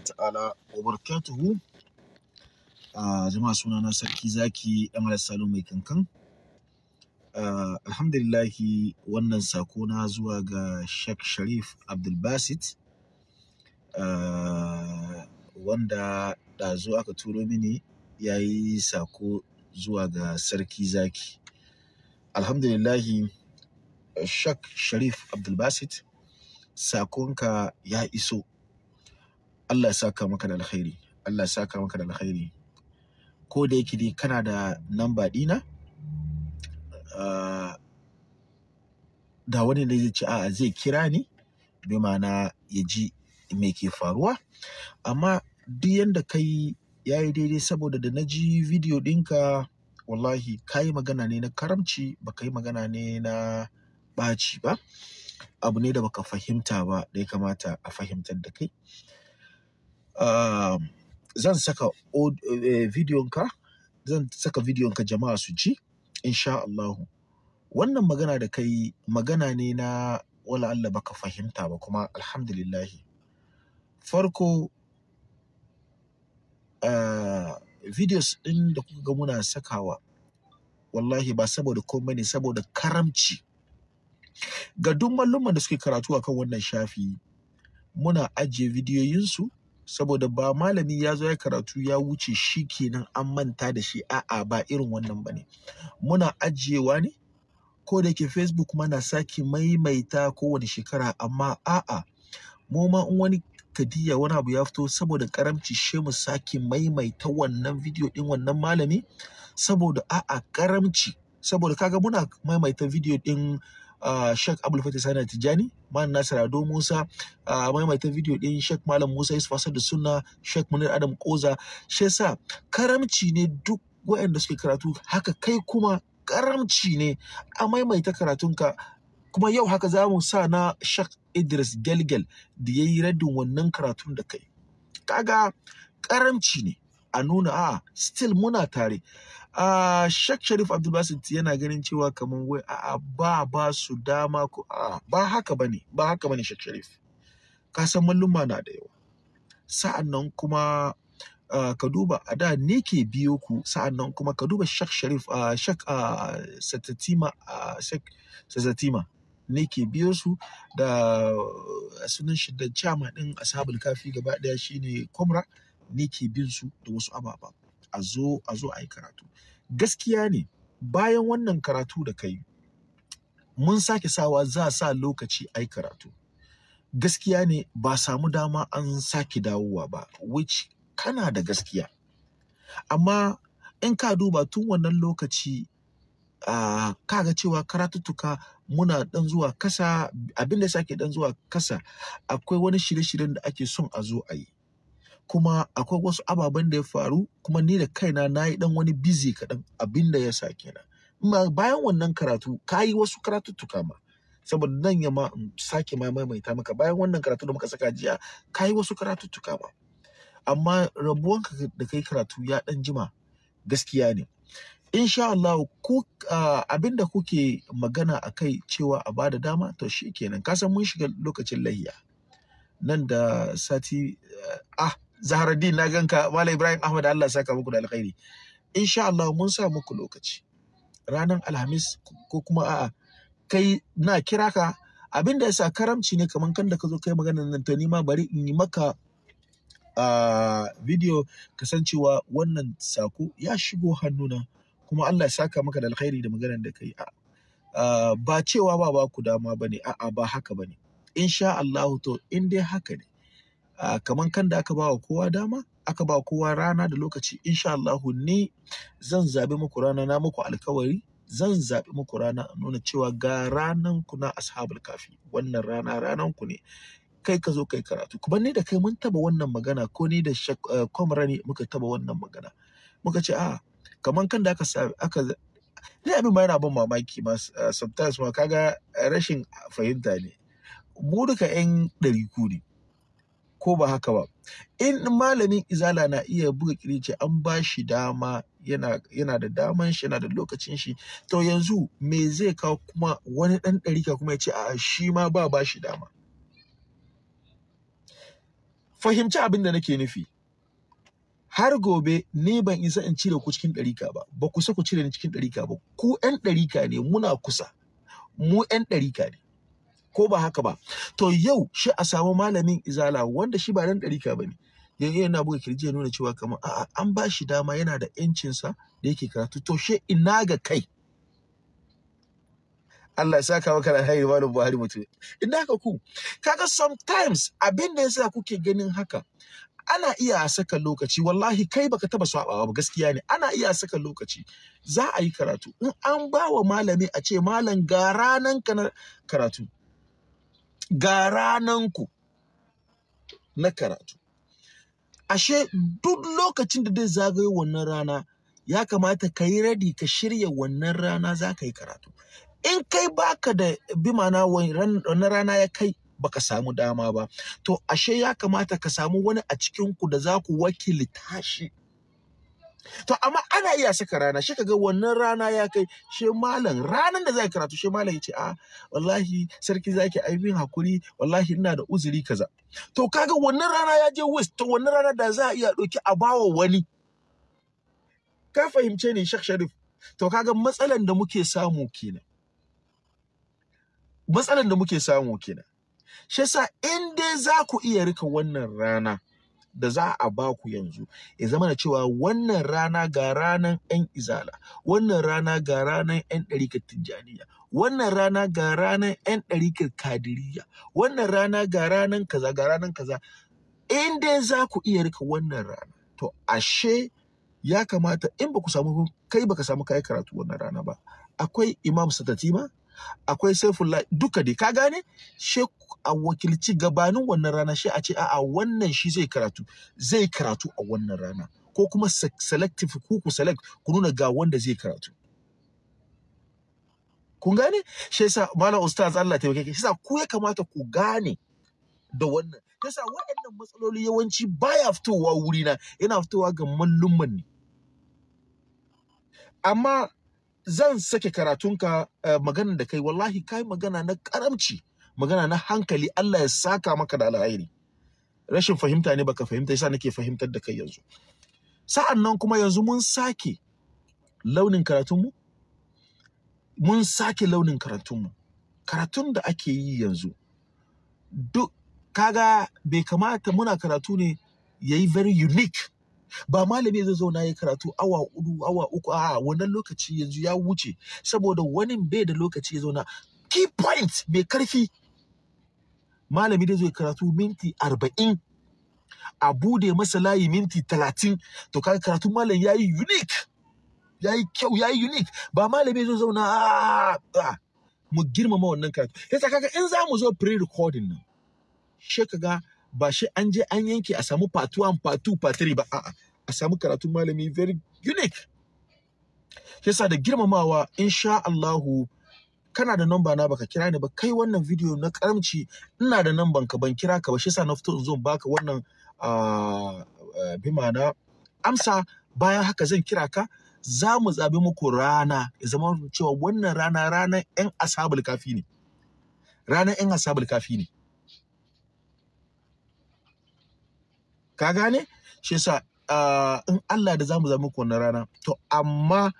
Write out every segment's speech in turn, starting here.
ta'ala wa barakatuhu a ah, jama'a suna na sarki zaki dan salo mai kankan ah, alhamdulillahi wannan sako na zuwa ga Sheikh Sharif Abdulbasit ah, wanda ɗazu aka turo mini ya yi sako zuwa ga sarki zaki alhamdulillahi Sheikh Sharif Abdulbasit sakonka ya iso Allah ya saka maka da alkhairi Allah ya saka maka da alkhairi ko da yake dai kana da namba dina ah, da wani da zai ce a zai kira ni bi ma'ana ya ji me ke faruwa amma duk yanda kai ya yi daidai saboda da na ji video ɗinka wallahi ka yi magana ne na karamci ba ka yi magana ne na ɓaci ba abu ne da baka fahimta ba da ya kamata a fahimtar da kai Um, zan saka eh, videonka zan saka ka jama'a su ji insha Allahu wannan magana da kai magana ne na wala Allah baka fahimta ba kuma alhamdulillahi farko eh, videos ɗin da kuka ga muna sakawa wallahi ba saboda komai ne saboda karamci ga duk malluman da suke karatu akan wannan shafi muna ajiye bidiyoyinsu saboda ba malami ya zo ya karatu ya wuce shi kenan an manta da shi a'a ba irin wannan bane muna ajiyewa ne ko da ke facebook mana sake maimaita kowane shekara amma a'a mu ma in wani kadiya wani abu ya fito saboda karamci she mu sake maimaita wannan video din wannan malami saboda a'a karamci saboda kaga muna maimaita video din Sheikh Abdul Fatih Sani Tijani, Malam Nasir Ado Musa, maimaita bidiyo din Sheikh Malam Musa Yusuf da Sunna, Sheikh Munir Adam Koza. Shi yasa karamci ne duk waɗanda suke karatu haka kai kuma karamci ne a maimaita karatunka kuma yau haka za mu sa na Sheikh Idris Gelgel da ya yi raddin wannan karatun da kai. Kaga karamci ne a nuna a still muna tare a shak sharif abdulbasit yana ganin cewa kamar wai a ba ba su dama ko a ba haka bane ba haka ne shak sharif ka san malluma na da yawa sa'an nan kuma ka duba a da ne ke biyo ku sa'an nan kuma ka duba shak sharif a shak a satatima a shak satatima ne ke biyo su da sunan shi da din asabul kafi gaba daya shine komra ne ke bin su da wasu ababa a zo a zo a yi karatu gaskiya ne bayan wannan karatu da kai mun sake sawa za a sa lokaci a yi karatu gaskiya ne ba samu dama an sake dawowa ba which kana da gaskiya amma in ka duba tun wannan lokaci uh, ga cewa karatuttuka muna dan zuwa kasa abin sake dan zuwa kasa akwai wani shirye-shiryen da ake son a zo a yi kuma akwai wasu ababen da ya faru kuma ni da kaina na yi dan wani busy kaɗan abin da ya sa kenan bayan wannan karatu ka yi wasu karatuttuka ma saboda nan ya ma sake ma maimaita maka bayan wannan karatu da muka saka jiya ka yi wasu karatuttuka ma amma rabuwanka da kai karatu ya ɗan jima gaskiya ne insha Allah ku abin da kuke magana a kai cewa a bada dama to shi kenan kasan mun shiga lokacin layya. nan da sati ah Zaharaddin na ganka Malam Ibrahim Ahmad Allah saka muku da alkhairi insha Allah mun sa muku lokaci ranar Alhamis ko kuma a'a kai na kira ka abin da yasa karamci ne kamar kan da ka zo kai magana nan to ni ma bari in yi maka uh, video kasancewa wannan sako ya shigo hannuna kuma Allah ya saka maka da alkhairi da maganar da kai ba cewa ba ba ku dama bane a'a ba haka bane sha Allah to in dai haka ne kamar kan da aka ba wa kowa dama aka ba kowa rana da lokaci insha Allahu ni zan zabi muku rana na muku alkawari zan zaɓi muku rana nuna cewa ga ranan ku na ashabul kafi wannan rana ranan ku ne kai ka zo kai karatu kuma ni da kai mun taba wannan magana ko ni da kwamrani eh, muka taba wannan magana muka ce a kamar kan da aka aka ni abin ma yana ban mamaki ma eh, sometimes ma kaga rashin fahimta ne mu duka yan ɗari ku ne ko ba haka ba in malamin izala na iya buga kirice an ba shi dama yana, da daman shi yana da lokacin shi to yanzu me zai kawo kuma wani ɗan ɗarika kuma ya ce a shi ma ba ba shi dama fahimci abin da nake nufi har gobe ni ban isa in cire ku cikin ɗarika ba ba kusa ku cire ni cikin ɗarika ba ku ɗan ɗarika ne muna kusa mu ɗan ɗarika ne ko ba haka ba to yau shi a samu malamin izala wanda shi ba dan ɗarika ba ne iya na buga kirji ya nuna cewa kamar a'a an ba shi dama yana da yancinsa da yake karatu to she ina ga kai Allah ya saka maka alheri malam Buhari mutum ina ka ku kaga sometimes abin da yasa kuke ganin haka ana iya saka lokaci wallahi kai baka taba sabawa ba gaskiya ne ana iya saka lokaci za a yi karatu in an ba wa malami a ce malam ga ranan karatu ga rananku na karatu ashe duk lokacin da zai zagaye wannan rana ya kamata ka yi radi ka shirya wannan rana za ka yi karatu in kai baka da bi mana wannan rana ya kai baka samu dama ba to ashe ya kamata ka samu wani a cikinku da za ku wakilta shi to amma ana iya saka rana shi kaga wannan rana ya kai shi malam ranan da zai karatu shi malam yace a wallahi sarki zaki aibin hakuri wallahi ina da uzuri kaza to kaga wannan rana ya je west to wannan rana da za a iya doki a bawa wani ka fahimce ni Sheikh Sharif to kaga matsalan da muke samu kenan matsalan da muke samu kenan shi yasa in dai za ku iya rika wannan rana da za a ba ku yanzu ya zama da cewa wannan rana ga ranan 'yan izala wannan rana ga ranan 'yan ɗarikar tijjaniya wannan rana ga ranan 'yan ɗarikar kadiriya wannan rana ga ranan kaza ga ranan kaza in dai za ku iya rika wannan rana to ashe ya kamata in ba ku samu kai baka samu kayan karatu wannan rana ba akwai imam satatima akwai saifullah duka dai ka gane she a wakilci gabanin wannan rana she a ce a'a wannan shi zai karatu zai karatu a wannan rana ko kuma selective ku ku select ku nuna ga wanda zai karatu kun gane shi yasa malam ustaz Allah taimake ki yasa ku ya kamata ku gane da wannan yasa waɗannan matsaloli yawanci baya fitowa wurina yana fitowa ga mallumman ne amma zan sake karatunka eh, magana da kai wallahi kai magana na karamci magana na hankali Allah ya saka maka da alhairi rashin fahimta ne baka fahimta yasa nake fahimtar da kai yanzu sa'an nan kuma yanzu mun sake launin karatunmu mun sake launin karatunmu karatun da ake yi yanzu duk kaga bai kamata muna karatu ne yayi very unique ba malami zai zauna ya karatu awa uku awa uku a wannan lokaci yanzu ya wuce saboda wani bai da lokaci ya zauna key point mai karfi malami zai zo karatu minti arba'in a bude masa layi minti talatin to kaga karatu malam ya yi unique ya yi kyau ya yi unique ba malami zai zauna a mu girmama wannan karatu yasa kaga in za mu zo pre-recording nan shekaga ba shi an je an yanke a samu part 1 part 2 part 3 ba a'a a samu karatun malami very unique yasa da girmamawa insha Allah kana da number na baka kira ni ba kai wannan video na karamci ina da number ka ban kira ka ba shi yasa na fito in zo baka wannan ah, eh, bima na amsa bayan haka zan kira ka za mu zabi muku rana ya zama cewa wannan rana ranar yan asabul kafi ne ranar yan asabul kafi ne ka gane shi yasa ah, in Allah da zamu zama kuwa na rana to amma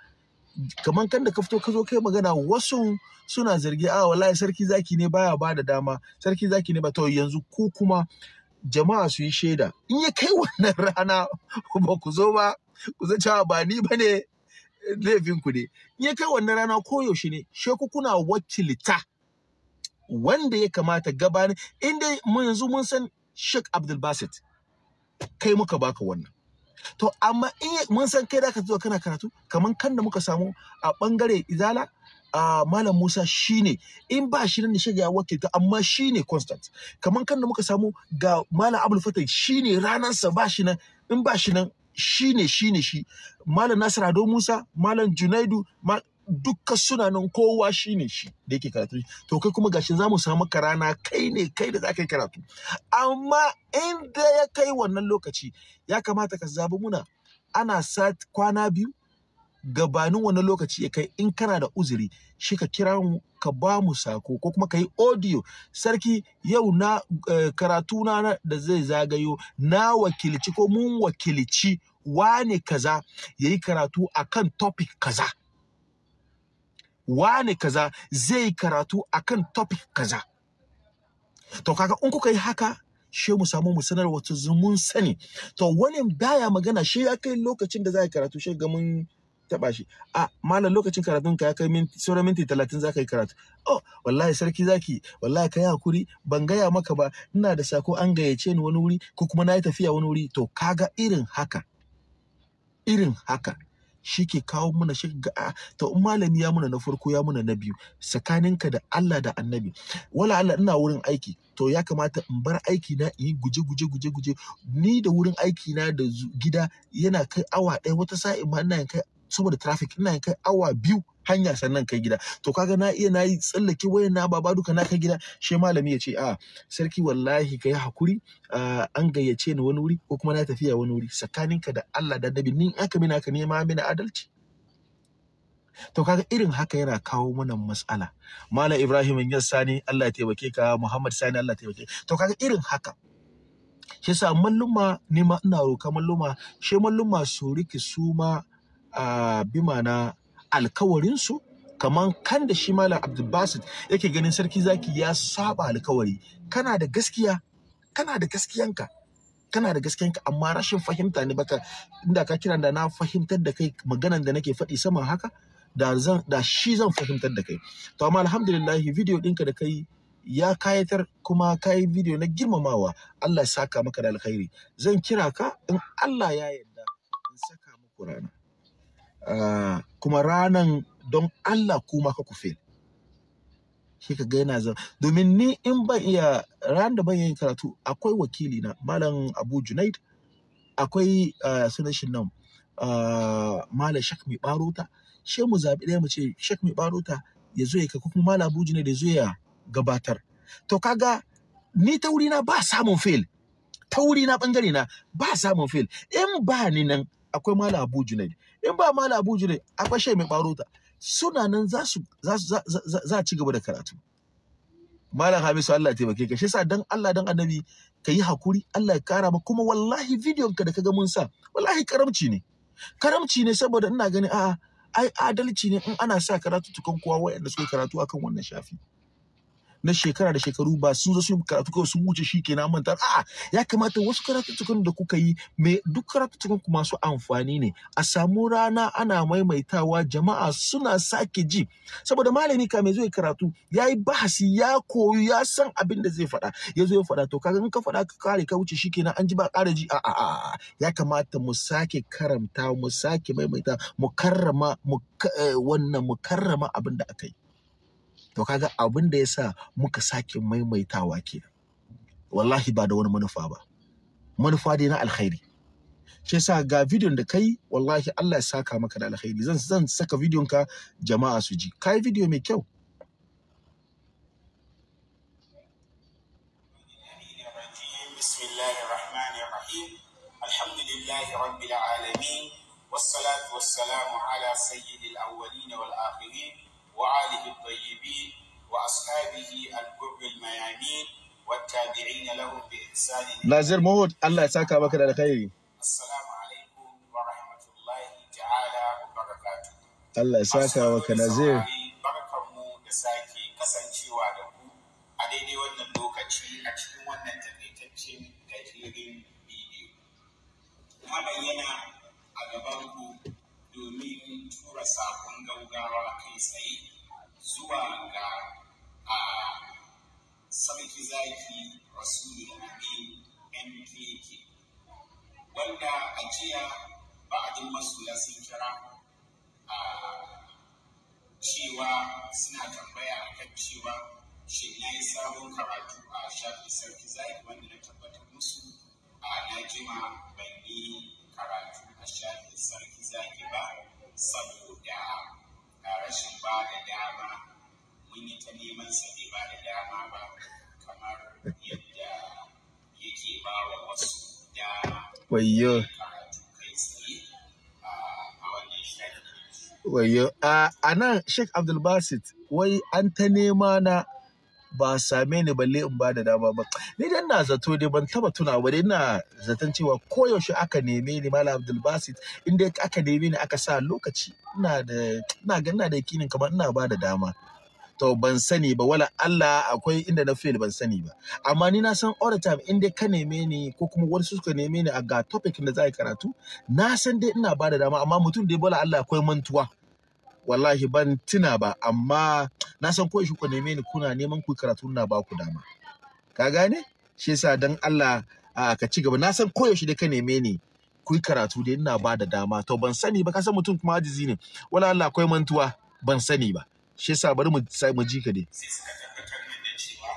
kamar kan da ka fito ka zo kai magana wasu suna zargi a ah, wallahi sarki zaki ne baya ba da dama sarki zaki ne ba to yanzu ku kuma jama'a su yi shaida in ya kai wannan rana ba ku zo ba ku zo cewa ba ni ba ne laifin ku ne in ya kai wannan rana ko yaushe ne sheku kuna wakilta wanda ya kamata gabanin inda yanzu mun san Sheikh Abdul Basit kai muka baka wannan to amma in mun san kai da ka zo kana karatu kaman kan da muka samu a bangare izala a malam Musa shine in ba shi nan nishiga ya wake ta amma shine constant kamar kan da muka samu ga malam abul Fatah shine ranar sa ba shi nan in ba shi nan shine shine shi malam Nasir Ado Musa malam Junaidu duka suna nan kowa shi ne shi da yake karatu to kai kuma gashi za mu samu karana kai ne kai da za ka yi karatu amma inda ya kai wannan lokaci ya kamata ka zabi muna ana sat kwana biyu gabanin wannan lokaci ya kai in kana da uzuri shi ka kira mu ka ba mu sako ko kuma ka yi audio sarki yau na eh, karatu na da zai zagayo na wakilci ko mun wakilci wane kaza ya yi karatu akan topic kaza wane kaza zai karatu akan topic kaza to kaga in kuka yi haka she mu samu mu sanar wata zumun sani to wani baya magana shi ya kai lokacin da za yi karatu shi ga mun taba shi a malam lokacin karatun ka ya kai minti sauran minti talatin za ka yi karatu oh wallahi sarki zaki wallahi ka yi hakuri ban gaya maka ba ina da sako an gayyace ni wani wuri ko kuma na yi tafiya wani wuri to kaga irin haka irin haka shi ke kawo mana shi ga ta in malami ya muna na farko ya muna na biyu tsakaninka da Allah da annabi wala Allah ina wurin aiki to ya kamata in bar aiki na in yi guje guje guje guje ni da wurin aiki na da gida yana kai awa ɗaya wata sa'in ma ina kai saboda traffic ina kai awa biyu hanya sannan kai gida to kaga na iya nayi tsallake wayan na baba duka na kai gida shi malami ya ce a ah, sarki wallahi kai hakuri ah, an gayyace ni wani wuri ko kuma na tafiya wani wuri tsakaninka da Allah da Nabi ni aka mina ka nema mina adalci to kaga irin haka yana kawo mana matsala malam ibrahim yan sani Allah ya taimake ka muhammad sani Allah ya taimake to kaga irin haka shi sa malluma ni ina roka malluma she malluma su riki su ma a ah, bima na alkawarinsu kamar kan da shi malam abdulbasit yake ganin sarki zaki ya saba alkawari kana da gaskiya kana da gaskiyanka kana da gaskiyanka amma rashin fahimta ne baka inda ka kira da na fahimtar da kai maganan da nake faɗi sama haka da shi zan fahimtar da kai to amma alhamdulillah video ɗinka da kai ya kayatar kuma kai video na girmamawa Allah ya saka maka da alkhairi zan kira ka in Allah ya yarda in saka muku rana Ah, kuma ranan don Allah kuma ka kufe shi ka ga yana zama domin ni in ban iya ran da ban yin karatu akwai wakili na malam Abu Junaid akwai ah, sunan shi nan ah, malam Shak mai barota she mu zaɓi ɗaya mu ce Shak mai barota ya zo ya kuma malam Abu Junaid ya zo ya gabatar to kaga ni wuri na ba samun fail wuri na bangare na ba samun fail in ba ni nan akwai Malam Abu Junaid in ba Malam Abu Junaid akwai Shehu mai barota suna nan za su za ci gaba da karatu Malam Hamisu Allah taimake ka shi sa dan Allah dan Annabi ka yi hakuri Allah ya kara ma kuma wallahi bidiyon ka da kaga mun sa wallahi karamci ne karamci ne saboda ina gani a'a ai adalci ne in ana sa karatu tukan kowa wayanda suka karatu akan wannan shafi na shekara da shekaru ba sun zo su karatu kawai sun wuce shi kenan manta a ya kamata wasu karatuttukan da kuka yi me duk karatun ku masu amfani ne a samu rana ana maimaitawa jama'a suna sake ji saboda malami ka mai zai karatu ya bahasi ya koyu ya san abin da zai faɗa ya zo ya faɗa to kaga in ka faɗa ka kare ka wuce shi kenan an ji ba ƙara ji a a a ya kamata mu sake karanta, mu sake maimaita mu karrama mu eh, wannan mu karrama abin da aka yi to kaga abin da yasa muka sake maimaitawa ke, wallahi ba da wani manufa ba manufa dai na alkhairi shi yasa ga bidiyon da kai wallahi Allah ya saka maka da alkhairi zan zan saka bidiyon ka jama'a su ji kai bidiyo mai kyau لله رب العالمين والصلاة والسلام على سيد الأولين والآخرين وآله الطيبين وأصحابه الكرب الميامين والتابعين لهم بإحسان نازر موت الله يساك بكر الخير السلام عليكم ورحمة الله تعالى وبركاته الله يساك بكر نازر barkanmu da sake kasancewa da ku a daidai wannan lokaci a cikin wannan takaitaccen gajeren bidiyo. Ta bayyana a gaban ku domin tura sabon gaugawa kai tsaye zuwa ga a sarki zaki rasulun amin mkk wanda a jiya ba'adin masoya sun kira a cewa suna tambaya a kan cewa shin ya yi sabon karatu a shafin sarki zaki wanda na tabbatar musu a na jima ban yi karatu a shafin sarki zaki ba saboda rashin ba da dama yi ta neman wayo a nan sheikh abdulbasit wai an ta nema na ba same ni balle in ba da dama ba ni dan na zato dai ban taba tuna ba dai ina zaton cewa koyaushe aka neme ni malam abdulbasit inda aka neme ni aka sa lokaci ina da ina ga da yakinin kamar ina ba da dama to ban sani ba wala Allah akwai inda na fail ban sani ba amma ni na san all the time in dai ka neme ni ko kuma wasu suka neme ni a ga topic da za a karatu na san dai ina ba da dama amma mutum dai wala Allah akwai mantuwa wallahi ban tuna ba amma na san ko shi ku neme ni kuna neman ku karatu na ba ku dama ka gane shi yasa dan Allah ka ci gaba na san koyaushe dai ka neme ni ku karatu dai ina ba da dama to ban sani ba ka san mutum kuma ajizi ne wala Allah akwai mantuwa ban sani ba shi yasa bari mu sai mu ji ka dai sai suka tabbatar min da cewa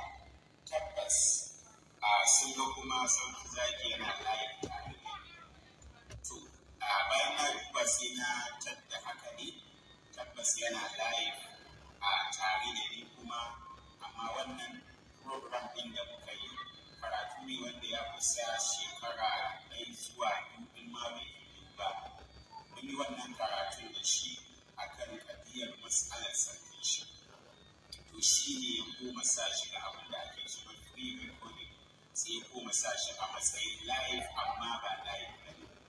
tabbas a sun ga kuma sun zaki yana layin tare a bayan na duba sai na tadda haka ne tabbas yana layin a tare da ni kuma amma wannan program din da muka yi karatu ne wanda ya kusa shi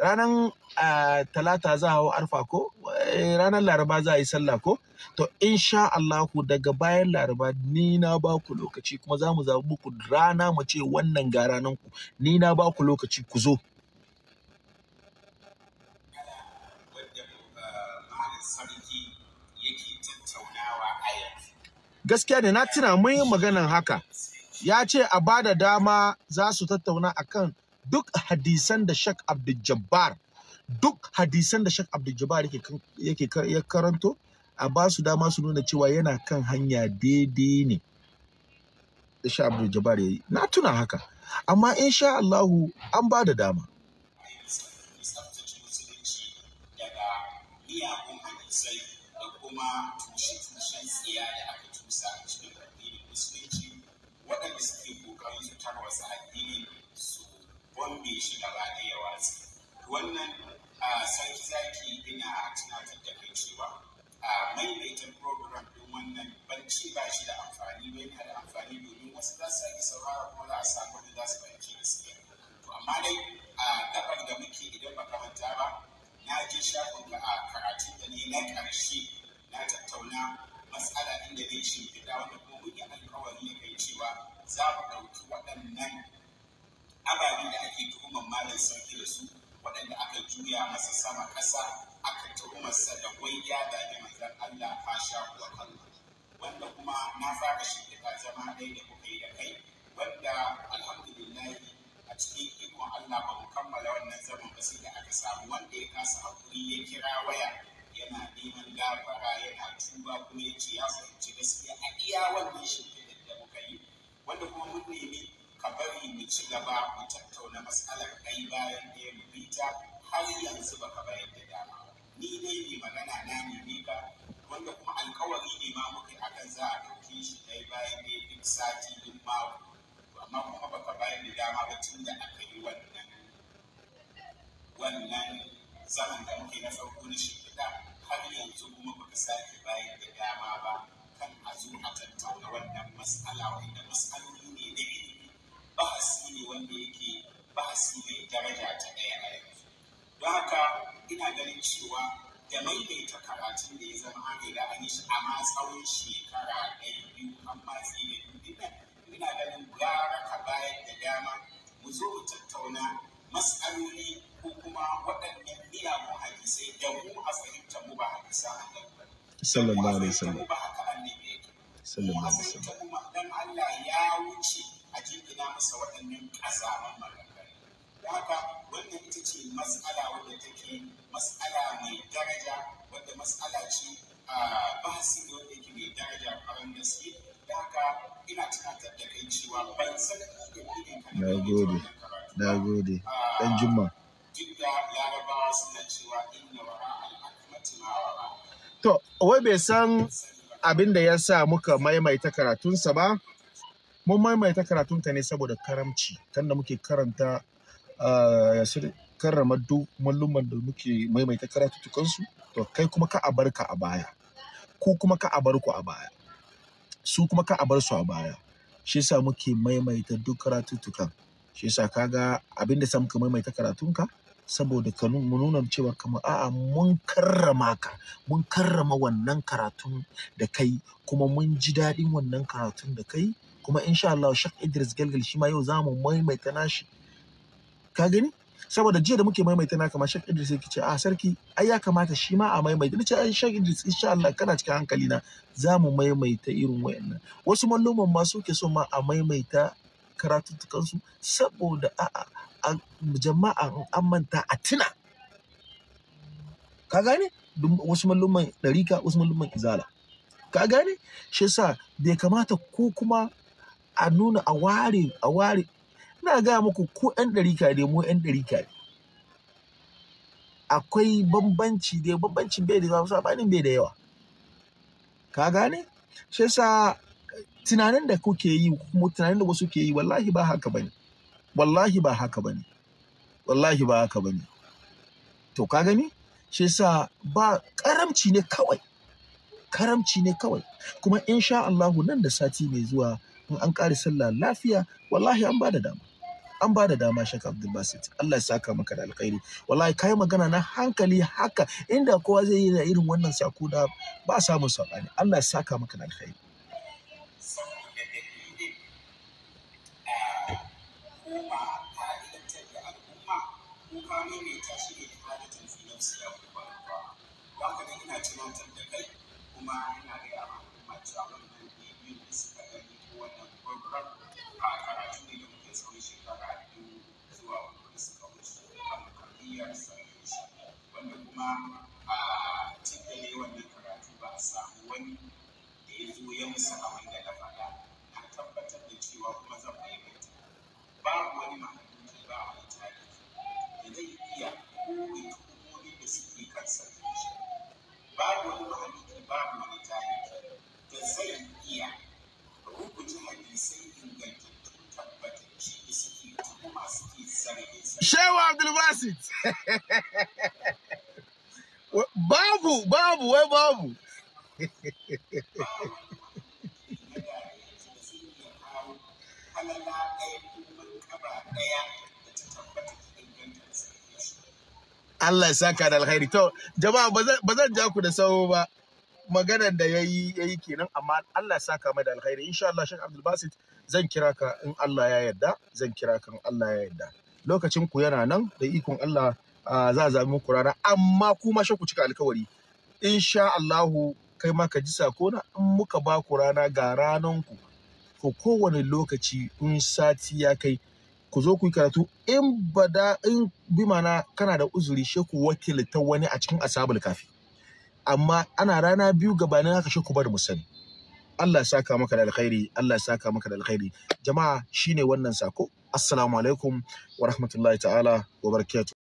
ranar talata za a hau arfa ko eh, ranar laraba za a yi sallah ko to insha Allahu daga bayan laraba ni na ba ku lokaci kuma za mu zaɓi muku rana mu ce wannan ga ranan ku ni na ba ku lokaci ku zo gaskiya ne na tuna mun yi maganan haka ya ce a ba da dama za su tattauna akan duk hadisan da Sheikh Abdul Jabbar duk hadisan da Sheikh Abdul Jabbar yake ya karanto a ba su dama su nuna cewa yana kan hanya daidai ne da Sheikh Abdul Jabbar yayi na tuna haka amma insha Allahu an ba da dama kuma bombe shi gaba ya watsi wannan sarki zaki ina tunatar da kai cewa maimaita program din wannan banci ba shi da amfani ba na da amfani domin wasu za su yi saurara kuma za a samu wanda za su fahimci suke. to amma dai a gabar da muke idan ba manta ba na je shafin a karatun da ne na ƙarshe na tattauna matsala inda zai shimfiɗa wanda kuma muke alkawari ya kai cewa za mu ɗauki waɗannan ababen da ake tuhumar malam sarki da su waɗanda aka juya masa sama ƙasa aka sa da wai ya gaji mazan Allah fasha kuwa Allah wanda kuma na fara shirya zama ɗaya da kuka yi da kai wanda alhamdulillahi a cikin ikon Allah ba mu kammala wannan zaman ba sai da aka samu wanda ya kasa hakuri ya kira waya yana neman gafara yana tuba kuma ya ce ya fahimci gaskiya a iya wannan shirya da muka yi wanda kuma mun nemi ka bari mu ci gaba mu tattauna matsalar kai bayan ɗaya ya bi ta har yanzu ba ka bayar da dama ni dai ne magana na ne ne ba wanda kuma alkawari ne ma muka akan za a ɗauke shi kai bayan ya duk sati duk mako amma kuma ba ka bayar da dama ba tun da aka yi wannan wannan zaman da muke na farko na shekara har yanzu kuma baka sake bayar da dama ba kan a zo a tattauna wannan mas'ala wanda mas'aloli ne na ilimi bahasi ne wanda yake bahasi mai daraja ta ɗaya a yanzu don haka ina ganin cewa da maimaita karatun da ya zama an gida an yi shi a ma tsawon shekara ɗaya biyu an ma ina ganin gara ka bayar da dama mu zo mu tattauna mas'aloli ko kuma waɗannan miyagun hadisai da mu a fahimtar mu ba hadisan a ba sallallahu alaihi wasallam ba haka annabi yake sallallahu alaihi wasallam Allah ya wuce a jingina masa waɗannan ƙazaman haka ita ce matsala take matsala ce a bahasi ne wanda na gode na gode dan jumma duk da larabawa suna cewa inna wara ma wara to wai bai san abin da ya sa muka maimaita karatunsa ba mun maimaita karatunka ne saboda karamci kan da muke karanta yasir ah, karrama duk malluman da muke maimaita karatutukansu to kai kuma ka a barka a baya ku kuma ka a barku a baya su kuma ka a bar su a baya shi yasa muke maimaita duk karatutukan shi yasa kaga abinda sa muka maimaita karatunka saboda ka nuna cewa kamar a'a mun karrama ka mun karrama wannan karatun da kai kuma mun ji daɗin wannan karatun da kai kuma insha Allah Sheikh Idris Galgal shi ma yau zamu maimaita nashi ka gani saboda jiya da muke maimaita naka ma Sheikh Idris yake ce a ah, sarki ai ya kamata shi ma a maimaita nace ai Sheikh Idris insha Allah kana cikin hankali na zamu maimaita irin wayannan wasu malluman ma suke so ma a maimaita karatuttukan su saboda a jama'a an manta a tuna ka gane wasu malluman ɗarika wasu malluman izala ka gane shi yasa bai kamata ko kuma a nuna a ware a ware ina gaya muku ko 'yan ka ne mu 'yan ka ne akwai bambanci da bambancin bai da yawa sabanin bai da yawa ka gane shi yasa tunanin da kuke yi kuma tunanin da wasu ke yi wallahi ba haka bane wallahi ba haka bane wallahi ba haka bane to ka gani shi yasa ba karamci ne kawai karamci ne kawai kuma insha Allahu nan da sati mai zuwa in an ƙare sallah lafiya wallahi an bada dama an bada dama shaka abdul basit allah ya saka maka da alkhairi wallahi kayi magana na hankali haka inda kowa zai yi da irin wannan sako da ba samun saɓani allah ya saka maka da alkhairi Thank you. kuma yana gaya ma al'umma cewa wani a karatu ne ya muke tsawon zuwa wanda suka wanda wanda kuma a cikin karatu ba samu wani da ya zo ya da na tabbatar da cewa kuma zan maimaita babu wani mahaluki ba wani tarihi da suke shi wani wani tarihi da iya Shehu Abdulbasit. babu, babu, wai babu. Allah ya saka da alkhairi. To, jama'a ba zan ja ku da sauro ba. Maganar da ya yi kenan, amma Allah ya saka mai da alkhairi. Insha Allah, Sheikh Abdulbasit zan kira ka in Allah ya yarda, zan kira ka in Allah ya yarda. lokacin ku yana nan da ikon Allah za a zaɓi muku rana amma kuma sha ku cika alkawari insha Allahu kai ma ka ji sako na in muka ba ku rana ga ranan ku ko kowane lokaci in sati ya kai ku zo ku yi karatu in bada in bi mana kana da uzuri shaku ku wakilta wani a cikin asabul kafi amma ana rana biyu gabanin haka she ku bar mu sani Allah saka maka da alkhairi Allah ya saka maka da alkhairi jama'a shine wannan sako assalamu alaikum wa rahmatullahi ta'ala wa barakatuh